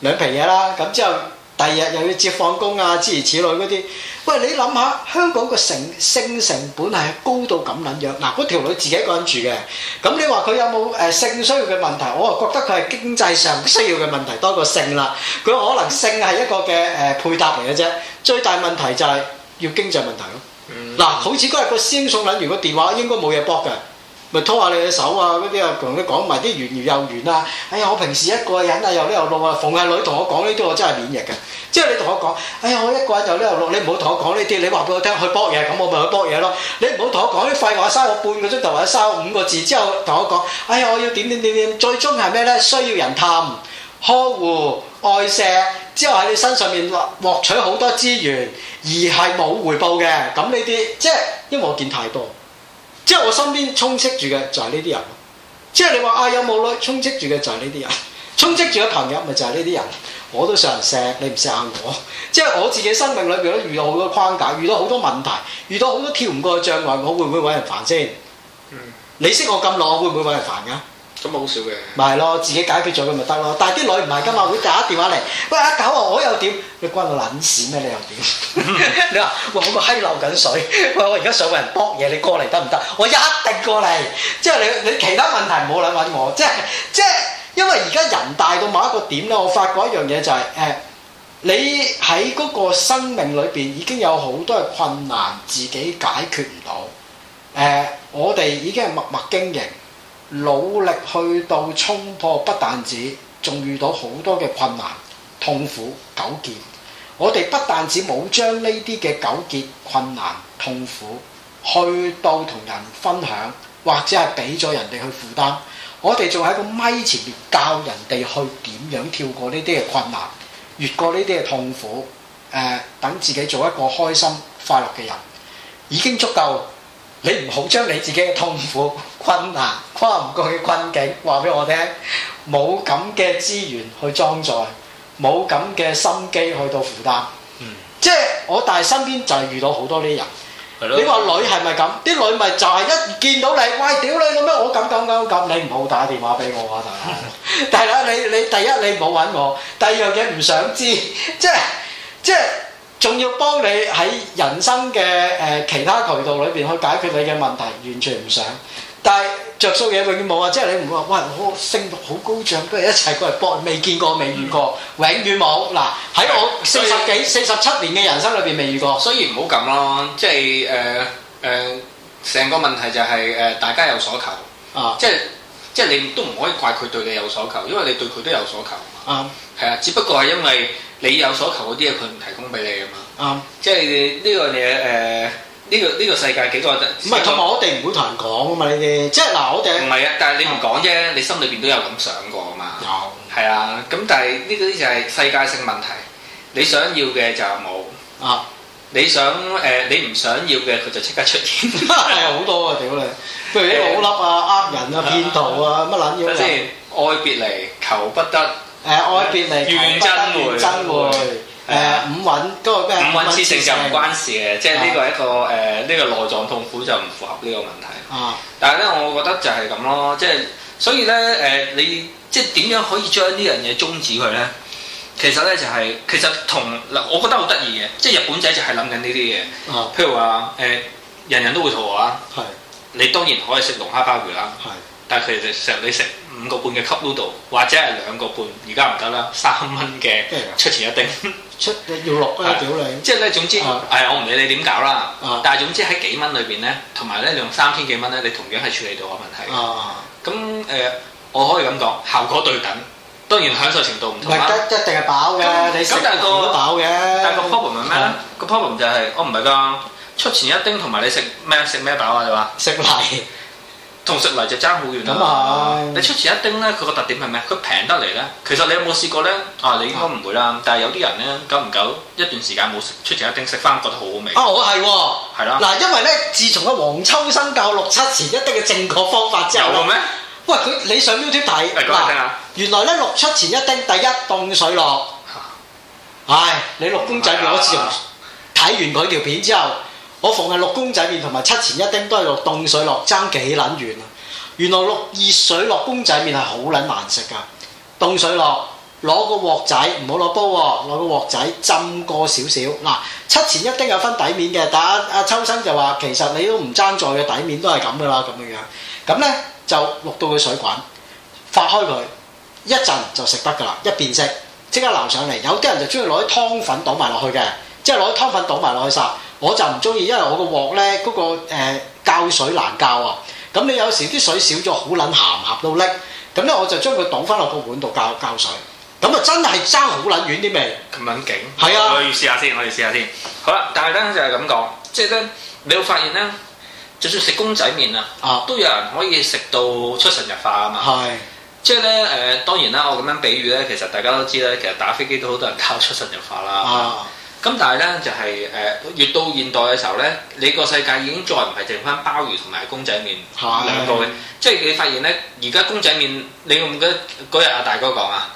兩皮嘢啦。咁之後第二日又要接放工啊，諸如此類嗰啲。喂，你諗下香港個成性，性成本係高到咁撚樣，嗱，嗰條女自己一個人住嘅，咁你話佢有冇誒、呃、性需要嘅問題？我啊覺得佢係經濟上需要嘅問題多過性啦，佢可能性係一個嘅誒、呃、配搭嚟嘅啫，最大問題就係要經濟問題咯。嗱、嗯，好似今日個先送撚完個電話應該冇嘢搏㗎。咪拖下你隻手啊！嗰啲啊同你講埋啲圓又圓啦。哎呀，我平時一個人啊，又呢又落啊。逢阿女同我講呢啲，我真係免疫嘅。之後你同我講，哎呀，我一個人又呢又落，你唔好同我講呢啲。你話俾我聽，去搏嘢，咁我咪去搏嘢咯。你唔好同我講啲廢話，嘥我半個鐘頭或者嘥我五個字之後，同我講，哎呀，我要點點點點。最終係咩呢？需要人探、呵護、愛錫，之後喺你身上面獲取好多資源，而係冇回報嘅。咁呢啲即係，因為我見太多。即係我身邊充斥住嘅就係呢啲人，即係你話啊有冇咯？充斥住嘅就係呢啲人，充斥住嘅朋友咪就係呢啲人。我都想人錫，你唔錫下我。即係我自己生命裏邊都遇到好多框架，遇到好多問題，遇到好多跳唔過嘅障礙，我會唔會揾人煩先？嗯，你識我咁耐，我會唔會揾人煩㗎？咁咪好少嘅，咪係咯，自己解決咗佢咪得咯。但係啲女唔係今日會打電話嚟，喂，阿狗，啊，我，我又點？你關我撚事咩？你又點？嗯、 你話，我個閪流緊水，喂，我而家想揾人搏嘢，你過嚟得唔得？我一定過嚟。即係你你其他問題唔好嚟揾我。即係即係，因為而家人大到某一個點咧，我發覺一樣嘢就係、是、誒、呃，你喺嗰個生命裏邊已經有好多嘅困難，自己解決唔到。誒、呃，我哋已經係默默經營。努力去到衝破，不但止，仲遇到好多嘅困難、痛苦、糾結。我哋不但止冇將呢啲嘅糾結、困難、痛苦去到同人分享，或者係俾咗人哋去負擔，我哋仲喺個咪前面教人哋去點樣跳過呢啲嘅困難、越過呢啲嘅痛苦，誒、呃，等自己做一個開心快樂嘅人，已經足夠。你唔好將你自己嘅痛苦、困難、跨唔過嘅困境話俾我聽，冇咁嘅資源去裝載，冇咁嘅心機去到負擔。嗯，即係我，但係身邊就係遇到好多呢啲人。嗯，你話女係咪咁？啲女咪就係一見到你， 喂，屌你咁咩？我咁咁咁咁，你唔好打電話俾我啊！大佬，係啦， 你你第一你唔好揾我，第二樣嘢唔想知，即係即係。即即仲要幫你喺人生嘅誒其他渠道裏邊去解決你嘅問題，完全唔想。但係着數嘢永遠冇啊！即係你唔會話哇，我性慾好高漲，不如一齊過嚟搏，未見過，未遇過，永遠冇。嗱喺我四十幾、四十七年嘅人生裏邊未遇過，所以唔好咁咯。即係誒誒，成、呃呃、個問題就係、是、誒、呃、大家有所求啊！即係即係你都唔可以怪佢對你有所求，因為你對佢都有所求啊。係啊，只不過係因為。你有所求嗰啲嘢，佢唔提供俾你㗎嘛！啱，即係呢樣嘢誒，呢個呢個世界幾多得？唔係，同埋我哋唔會同人講啊嘛！你哋即係嗱，我哋唔係啊！但係你唔講啫，你心裏邊都有諗想過啊嘛！有，係啊！咁但係呢啲就係世界性問題，你想要嘅就冇啊！你想誒，你唔想要嘅佢就即刻出現，係好多啊！屌你，譬如啲老笠啊、呃人啊、騙徒啊、乜撚嘢嚟？即係，愛別離，求不得。誒愛、呃、別離、怨憎會，誒五揾五蘊嗰個咩？五蘊之性就唔關事嘅，即係呢個一個誒，呢、呃呢個內臟痛苦就唔符合呢個問題。啊！但係咧，我覺得就係咁咯，即、就、係、是、所以咧，誒、呃、你即係點樣可以將呢樣嘢終止佢咧？其實咧就係、是、其實同嗱，我覺得好得意嘅，即係日本仔就係諗緊呢啲嘢。譬如話誒、呃，人人都會肚餓啊，係的你當然可以食龍蝦鮑魚啦，係的，的但係佢哋成日你食。五個半嘅吸度，或者係兩個半，而家唔得啦。三蚊嘅出前一丁，出要落去屌你。即係咧，總之係、啊哎、我唔理你點搞啦。啊、但係總之喺幾蚊裏邊咧，同埋咧兩三千幾蚊咧，你同樣係處理到個問題。咁誒、啊呃，我可以咁講，效果對等，當然享受程度唔同一定係飽嘅跟、那個，但食都飽嘅。但個 problem 係咩？個 problem 就係我唔係㗎，出前一丁同埋你食咩？食咩飽啊？你話食泥。從食嚟就爭好遠啦！咁你出前一丁咧，佢個特點係咩？佢平得嚟咧。其實你有冇試過咧？啊，你應該唔會啦。但係有啲人咧，久唔久一段時間冇食出前一丁，食翻覺得好好味。哦、啊，我係喎。係啦的。嗱，因為咧，自從阿黃秋生教六七前一丁嘅正確方法之後，有嘅咩？喂，佢你上 YouTube 睇、啊、原來咧六七前一丁，第一凍水落。唉、啊哎，你六公仔變咗字睇完嗰條片之後。我逢係落公仔麵同埋出前一丁都係落凍水落，爭幾撚遠。啊！原來落熱水落公仔麵係好撚難食㗎，凍水落攞個鑊仔唔好攞煲喎、哦，攞個鑊仔浸過少少嗱。出前一丁有分底面嘅，但阿、啊、秋生就話其實你都唔爭在嘅，底面都係咁噶啦，咁樣樣咁咧就落到佢水滾發開佢一陣就食得㗎啦，一邊食即刻撈上嚟。有啲人就中意攞啲湯粉倒埋落去嘅，即係攞啲湯粉倒埋落去晒。我就唔中意，因為我個鑊咧嗰個誒澱水難澱啊！咁你有時啲水少咗好撚鹹合到瀝，咁咧我就將佢倒翻落個碗度澱澱水，咁啊真係爭好撚遠啲味。咁撚勁？係啊！我哋試下先，我哋試下先。好啦，但係咧就係咁講，即係咧你會發現咧，就算食公仔麵啊，都有人可以食到出神入化啊嘛。係是。即係咧誒，當然啦，我咁樣比喻咧，其實大家都知咧，其實打飛機都好多人靠出神入化啦。啊。啊咁但係咧就係、是、誒越到現代嘅時候咧，你個世界已經再唔係剩翻鮑魚同埋公仔麵吓兩個嘅，的嗯、即係你發現咧，而家公仔麵你唔覺得嗰日阿大哥講啊，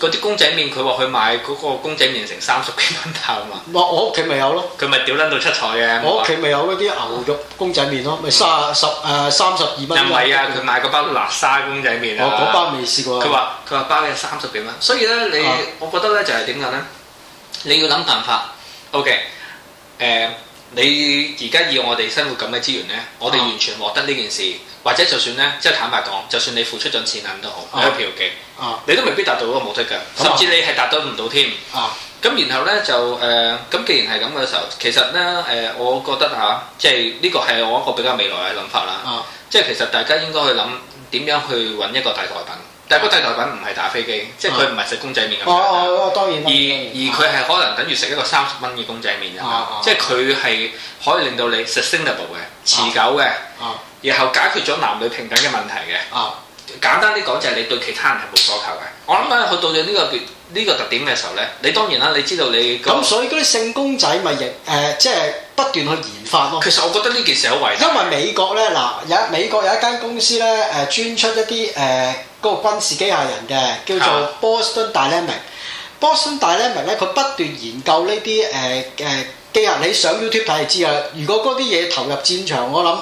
嗰啲公仔麵佢話佢買嗰個公仔麵成三十幾蚊包啊嘛，我我屋企咪有咯，佢咪屌撚到七彩嘅，我屋企咪有嗰啲牛肉公仔麵咯，咪三十誒三十二蚊，因為、嗯、啊，佢、嗯、買嗰包辣沙公仔麵我嗰包未試過，佢話佢話包嘅三十幾蚊，所以咧你、啊、我覺得咧就係點樣咧？你要諗辦法，OK？誒、呃，你而家要我哋生活咁嘅資源呢，我哋完全獲得呢件事，或者就算呢，即係坦白講，就算你付出咗錢銀都好，你都未必達到嗰個目的㗎，甚至你係達到唔到添。咁、啊、然後呢，就誒，咁、呃、既然係咁嘅時候，其實呢，誒、呃，我覺得嚇、啊，即係呢個係我一個比較未來嘅諗法啦。啊、即係其實大家應該去諗點樣去揾一個大台品。但嗰替代品唔係打飛機，嗯、即係佢唔係食公仔麵咁樣。當然。而、嗯、而佢係可能等於食一個三十蚊嘅公仔麵啊！嗯嗯、即係佢係可以令到你食 sustainable 嘅、嗯、持久嘅，嗯嗯、然後解決咗男女平等嘅問題嘅。嗯嗯、簡單啲講就係你對其他人係冇所求嘅。嗯、我諗咧，佢到咗、這、呢個呢個特點嘅時候咧，你當然啦，你知道你咁。咁所以嗰啲性公仔咪亦誒，即係不斷去研發咯。其實我覺得呢件事好危。因為美國咧，嗱、呃、有美國有一間公司咧，誒、呃、專出一啲誒嗰個軍事機械人嘅，叫做 d、啊、Boston Dynamics Boston Dynamics 咧，佢不斷研究呢啲誒誒機械。你上 YouTube 睇就知啊。如果嗰啲嘢投入戰場，我諗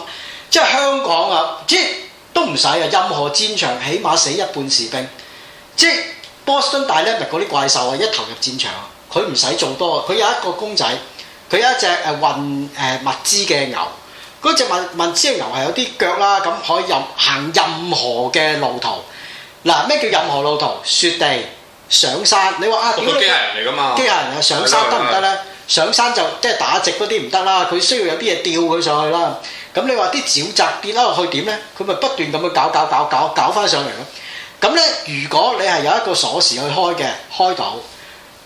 即係香港啊，即都唔使啊，任何戰場起碼死一半士兵，即。波士頓大獵物嗰啲怪獸啊，一投入戰場，佢唔使做多，佢有一個公仔，佢有一隻誒運誒物資嘅牛，嗰隻物物資嘅牛係有啲腳啦，咁可以任行任何嘅路途。嗱、啊，咩叫任何路途？雪地、上山，你話啊，點都得。機器人嚟噶嘛，機器人又上山得唔得咧？上山，行行上山就即係打直嗰啲唔得啦，佢需要有啲嘢吊佢上去啦。咁你話啲沼澤跌撈落去點咧？佢咪不斷咁樣搞搞搞搞搞翻上嚟咯。咁呢，如果你係有一個鎖匙去開嘅，開到。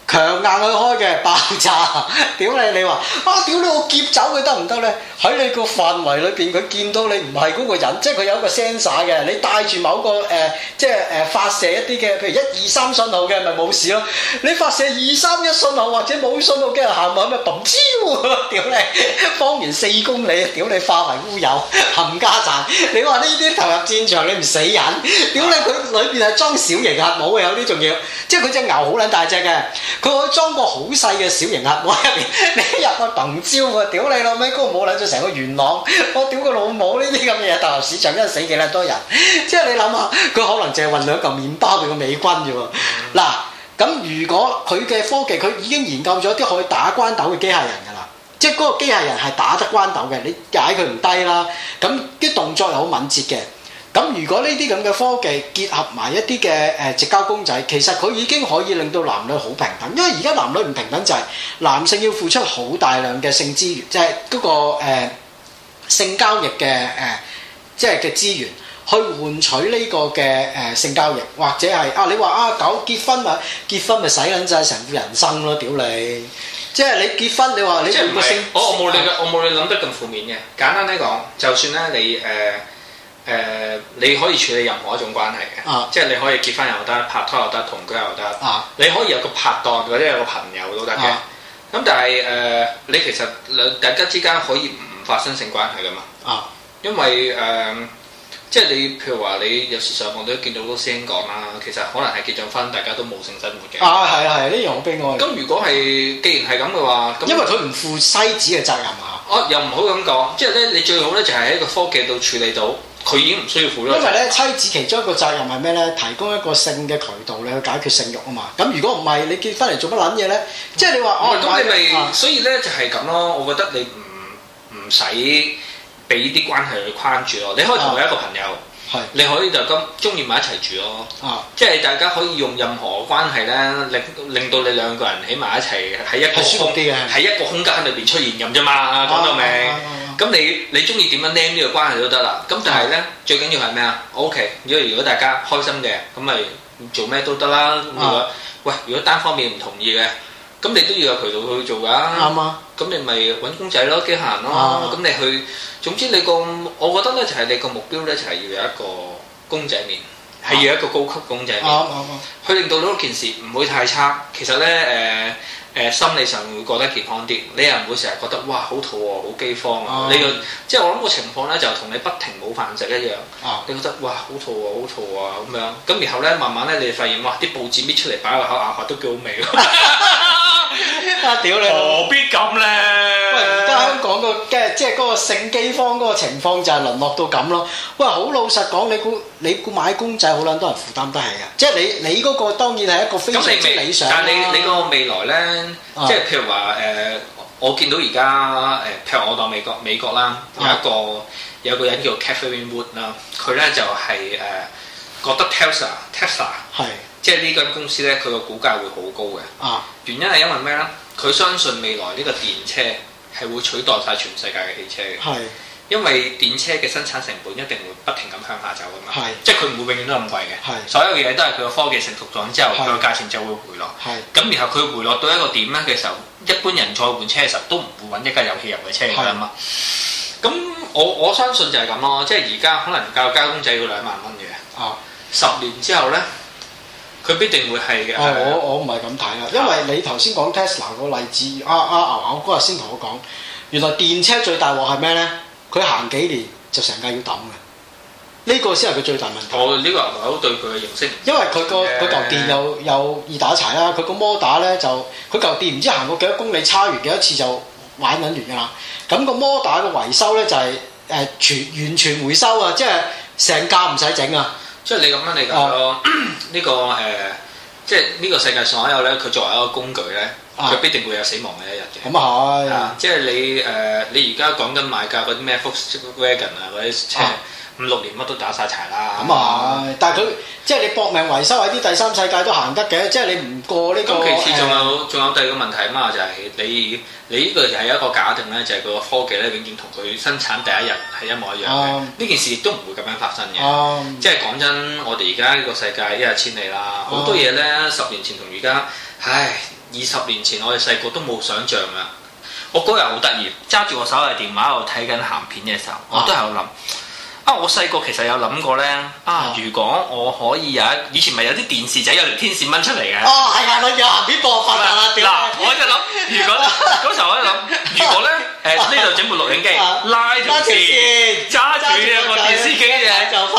強硬去開嘅爆炸， 啊、屌你！你話啊，屌你！我劫走佢得唔得呢？喺你個範圍裏邊，佢見到你唔係嗰個人，即係佢有個 sensor 嘅。你帶住某個誒、呃，即係誒發射一啲嘅，譬如一二三信號嘅，咪冇事咯。你發射二三一信號或者冇信號嘅核行埋咪撲超！屌你，方圓四公里，屌你化為烏有，冚家鏟！你話呢啲投入戰場，你唔死人？嗯、屌你！佢裏邊係裝小型核武嘅，有啲仲要，即係佢隻牛好撚大隻嘅。佢可以裝個好細嘅小型核武入邊， 去你一入、嗰個鄧椒我屌你老味，嗰個武磊就成個元朗，我屌個老母呢啲咁嘅嘢，大陸市場都死幾多人。即係你諗下，佢可能淨係運兩嚿麵包畀個美軍啫喎。嗱、嗯，咁如果佢嘅科技佢已經研究咗啲可以打關鬥嘅機械人㗎啦，即係嗰個機械人係打得關鬥嘅，你解佢唔低啦。咁啲動作又好敏捷嘅。咁如果呢啲咁嘅科技結合埋一啲嘅誒直交公仔，其實佢已經可以令到男女好平等。因為而家男女唔平等就係男性要付出好大量嘅性資源，即係嗰個、呃、性交易嘅誒、呃、即係嘅資源去換取呢個嘅誒、呃、性交易，或者係啊你話啊搞結婚咪結婚咪使撚曬成副人生咯屌你！即係你結婚你話你會會即係唔性我冇你嘅，我冇你諗得咁負面嘅。簡單啲講，就算咧你誒。呃誒、呃，你可以處理任何一種關係嘅，啊、即係你可以結婚又得，拍拖又得，同居又得，啊、你可以有個拍檔或者有個朋友都得嘅。咁、啊、但係誒、呃，你其實兩大家之間可以唔發生性關係噶嘛？啊、因為誒、呃，即係你譬如話，你有時上網都見到好多師兄講啦，其實可能係結咗婚大家都冇性生活嘅。啊，係啊，係呢樣好悲哀。咁如果係，既然係咁嘅話，因為佢唔負妻子嘅責任啊。哦，又唔好咁講，即係咧，你最好咧就係喺個科技度處理到。佢已經唔需要負啦。因為咧，妻子其中一個責任係咩咧？提供一個性嘅渠道你去解決性慾啊嘛。咁如果唔係，你結婚嚟做乜撚嘢咧？即係你話哦，咁你咪，所以咧就係咁咯。我覺得你唔唔使俾啲關係去框住咯。你可以同佢一個朋友，你可以就咁中意埋一齊住咯。啊，即係大家可以用任何關係咧，令令到你兩個人喺埋一齊，喺一個空，喺一個空間入邊出現咁啫嘛。講到明。咁你你中意點樣 name 呢個關係都得啦。咁但係咧，啊、最緊要係咩啊？O K，如果大家開心嘅，咁咪做咩都得啦。咁啊，喂，如果單方面唔同意嘅，咁你都要有渠道去做噶。啱啊。咁、嗯、你咪揾公仔咯，機械人咯。啊。咁你去，總之你個，我覺得咧就係、是、你個目標咧就係、是、要有一個公仔麵，係、啊、要有一個高級公仔麵。去令到到件事唔會太差。其實咧誒。呃誒心理上會覺得健康啲，你又唔會成日覺得哇好肚餓好飢荒啊！啊！你個即係我諗個情況咧，就同你不停冇飯食一樣，你覺得哇好肚餓好肚餓咁樣，咁然後咧慢慢咧你發現哇啲報紙搣出嚟擺喺個口嚇都幾好味咯！啊屌你！何必咁咧？喂，而家香港個即係即係嗰個性飢荒嗰個情況就係淪落到咁咯。喂，好老實講，你估你估買公仔好撚多人負擔得起㗎？即係你你嗰個當然係一個非常之理想，但係你但你，你，你個未來咧？即係譬如話誒、呃，我見到而家誒，譬如我當美國美國啦，是一有一個有個人叫 Catherine Wood 啦，佢咧就係、是、誒、呃、覺得 Tesla Tesla 係是即係呢間公司咧，佢個股價會好高嘅。啊是，原因係因為咩咧？佢相信未來呢個電車係會取代晒全世界嘅汽車嘅。係。因為電車嘅生產成本一定會不停咁向下走㗎嘛，即係佢唔會永遠都咁貴嘅，所有嘢都係佢個科技成熟咗之後，佢個價錢就會回落。咁然後佢回落到一個點呢嘅時候，一般人再換車嘅時候都唔會揾一架有汽油嘅車嚟。咁我我相信就係咁咯，即係而家可能教交通仔要兩萬蚊嘅，十年之後呢，佢必定會係嘅。我我唔係咁睇嘅，因為你頭先講 Tesla 個例子，阿阿牛牛嗰日先同我講，原來電車最大鑊係咩呢？佢行幾年就成架要抌嘅，呢個先係佢最大問題。我呢個樓、啊、對佢嘅認識，因為佢個佢嚿電有有易打柴啦，佢個摩打咧就佢嚿電唔知行過幾多公里差完幾多次就玩緊完㗎啦。咁個摩打嘅維修咧就係誒全完全回收啊，即係成架唔使整啊。即係你咁樣，你講呢個誒，即係呢個世界上有咧，佢作為一個工具咧。佢必定會有死亡嘅一日嘅，咁啊係，即係你誒、呃，你而家講緊買價嗰啲咩 Volkswagen 啊嗰啲，即係五六年乜都打晒柴啦，咁啊係，但係佢即係你搏命維修喺啲第三世界都行得嘅，即係你唔過呢、這個。咁、嗯、其次仲有仲是有第二個問題啊嘛，就係、是、你你呢個就係一個假定咧，就係個科技咧永遠同佢生產第一日係一模一樣嘅，呢、嗯、件事都唔會咁樣發生嘅，嗯、即係講真，我哋而家呢個世界一日千里啦，好多嘢咧、嗯嗯、十年前同而家，唉。唉二十年前我哋細個都冇想像、哦、啊！我嗰日好得意，揸住我手提電話喺度睇緊鹹片嘅時候，我都喺度諗啊！我細個其實有諗過咧啊！如果我可以啊，以前咪有啲電視仔有條天線掹出嚟嘅哦，係啊，有鹹片播發達啦！嗱，我喺度諗，如果嗰 時候我喺度諗，如果咧誒呢度、啊 啊、整部錄影機拉條線，揸住個電視機嘅就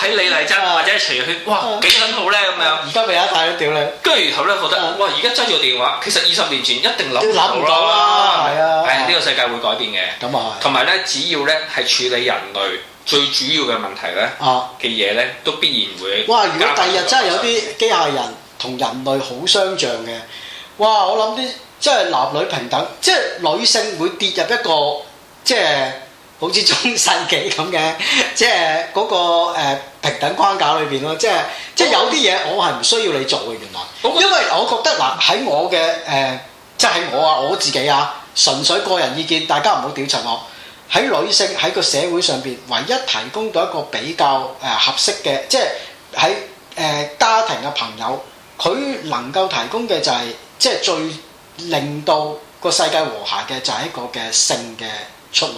睇李麗珍啊，或者係徐若瑄。哇幾、嗯、很好咧咁樣。而家咪一得睇，屌你！跟住然後咧，覺得、嗯、哇，而家追住電話，其實二十年前一定諗唔到啦。係啊，係啊，呢個世界會改變嘅。咁啊、嗯，同埋咧，只要咧係處理人類最主要嘅問題咧嘅嘢咧，都必然會。哇！如果第二日真係有啲機械人同人類好相像嘅，哇！我諗啲即係男女平等，即係女性會跌入一個即係。就是好似中世紀咁嘅，即係嗰個、呃、平等框架裏邊咯，即係即係有啲嘢我係唔需要你做嘅，原來，因為我覺得嗱喺我嘅誒，即係喺我啊我自己啊，純粹個人意見，大家唔好屌柒我。喺女性喺個社會上邊，唯一提供到一個比較誒、呃、合適嘅，即係喺誒家庭嘅朋友，佢能夠提供嘅就係即係最令到個世界和諧嘅，就係一個嘅性嘅出路。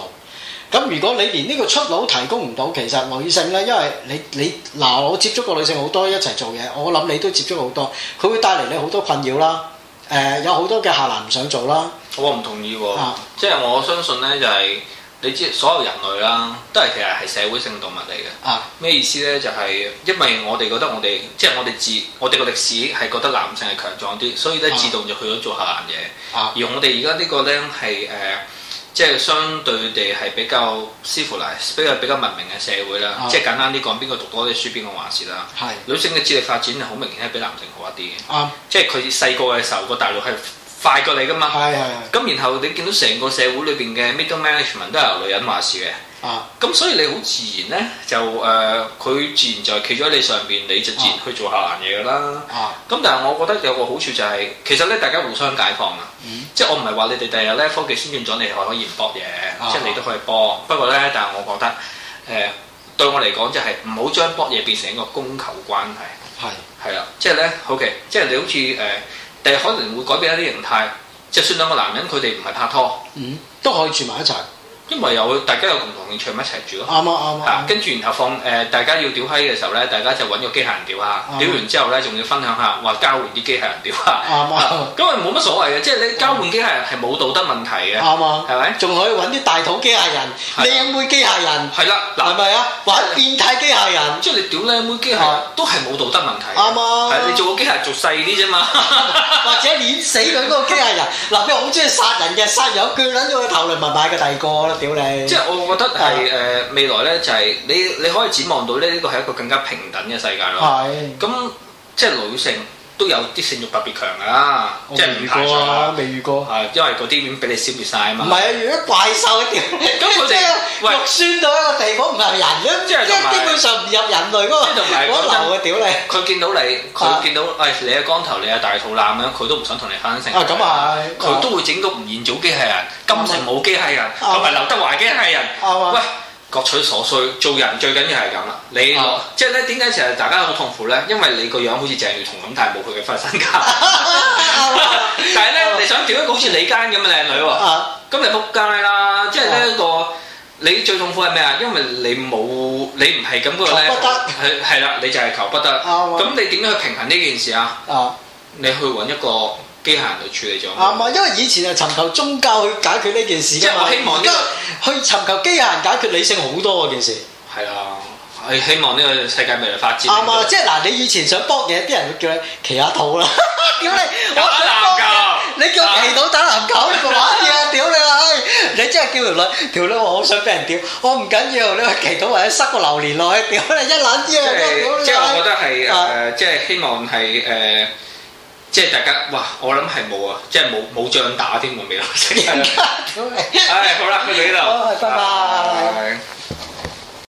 咁如果你連呢個出路提供唔到，其實女性呢，因為你你嗱，我接觸過女性好多一齊做嘢，我諗你都接觸好多，佢會帶嚟你好多困擾啦。誒、呃，有好多嘅下男唔想做啦。我唔同意喎、哦，啊、即係我相信呢，就係、是、你知所有人類啦，都係其實係社會性動物嚟嘅。咩、啊、意思呢？就係、是、因為我哋覺得我哋即係我哋自我哋個歷史係覺得男性係強壯啲，所以咧自動就去咗做下男嘢。啊啊、而我哋而家呢個呢，係誒。呃即係相對地係比較 civilized 嚟，比較比較文明嘅社會啦。嗯、即係簡單啲講，邊個讀多啲書，邊個話事啦。是女性嘅智力發展好明顯係比男性好一啲嘅。嗯、即係佢細個嘅時候，個大陸係快過你㗎嘛。咁然後你見到成個社會裏邊嘅 middle management 都係由女人話事嘅。嗯嗯。啊！咁所以你好自然咧，就誒佢、呃、自然就企咗你上邊，你就自然去做下難嘢噶啦。咁、啊啊、但係我覺得有個好處就係、是，其實咧大家互相解放、嗯、啊。即係我唔係話你哋第日咧科技先進咗，你就可以唔搏嘢，即係你都可以搏。不過咧，但係我覺得誒、呃、對我嚟講，就係唔好將搏嘢變成一個供求關係，係、嗯，係啦、啊，即係咧，OK，即係你好似誒、呃、第日可能會改變一啲形態，就算兩個男人佢哋唔係拍拖、嗯，都可以住埋一齊。因為又大家有共同興趣，咪一齊住咯。啱啊，啱啊。跟住然後放誒，大家要屌閪嘅時候咧，大家就揾個機械人屌下。屌完之後咧，仲要分享下，話交換啲機械人屌下。啱啊。咁啊，冇乜所謂嘅，即係你交換機械人係冇道德問題嘅。啱啊。係咪？仲可以揾啲大肚機械人、靚妹機械人。係啦。係咪啊？玩變態機械人。即係你屌靚妹機械都係冇道德問題。啱啊。係你做個機械人做細啲啫嘛。或者斬死佢嗰個機械人。嗱，譬如好中意殺人嘅，殺有鋸撚咗佢頭嚟，咪買個第二個即係我覺得係誒是的、呃、未來咧，就係、是、你你可以展望到咧，呢個係一個更加平等嘅世界咯。咁即係女性。都有啲性慾特別強噶，即係唔太想。未遇過，係因為嗰啲已經俾你消滅曬啊嘛。唔係啊，如果怪獸，咁佢哋肉酸到一個地方唔係人咁，即係就基本上唔入人類嗰個主流啊！屌你，佢見到你，佢見到誒你係光頭，你係大肚腩咁樣，佢都唔想同你發生。啊咁啊，佢都會整個吳彥祖機器人、金城武機器人，同埋劉德華機器人。啱啊！喂。各取所需，做人最緊要係咁啦。你、啊、即係咧，點解成日大家好痛苦咧？因為你個樣好似鄭裕彤咁，但係冇佢嘅身家。但係咧，你想調一個好似李嘉欣咁嘅靚女喎？啊，咁就撲街啦！即係呢一個，啊、你最痛苦係咩啊？因為你冇，你唔係咁嘅咧，係係啦，你就係求不得。啱咁、啊啊、你點樣去平衡呢件事呢啊？啊，你去揾一個。機械人去處理咗。啱啊、 嗯，因為以前係尋求宗教去解決呢件事。即係我希望、這個，去尋求機械人解決理性好多件事。係啦，係、 啊哎、希望呢個世界未來發展來、嗯。啱啊，即係嗱，你以前想博嘢，啲人會叫你祈下禱啦。 屌你！打籃球。你叫我祈禱打籃球？唔啱啊！屌 你啊！你真係叫條女，條女 我好想俾人屌。我唔緊要，你話祈禱或者塞個榴蓮落去。屌、哎、你一攬啲啊！即係我覺得係誒，即係希望係誒。Uh, 即係大家，哇！我諗係冇啊，即係冇冇仗打添喎，未啦，識人。唉，好啦，去到呢度。拜 拜。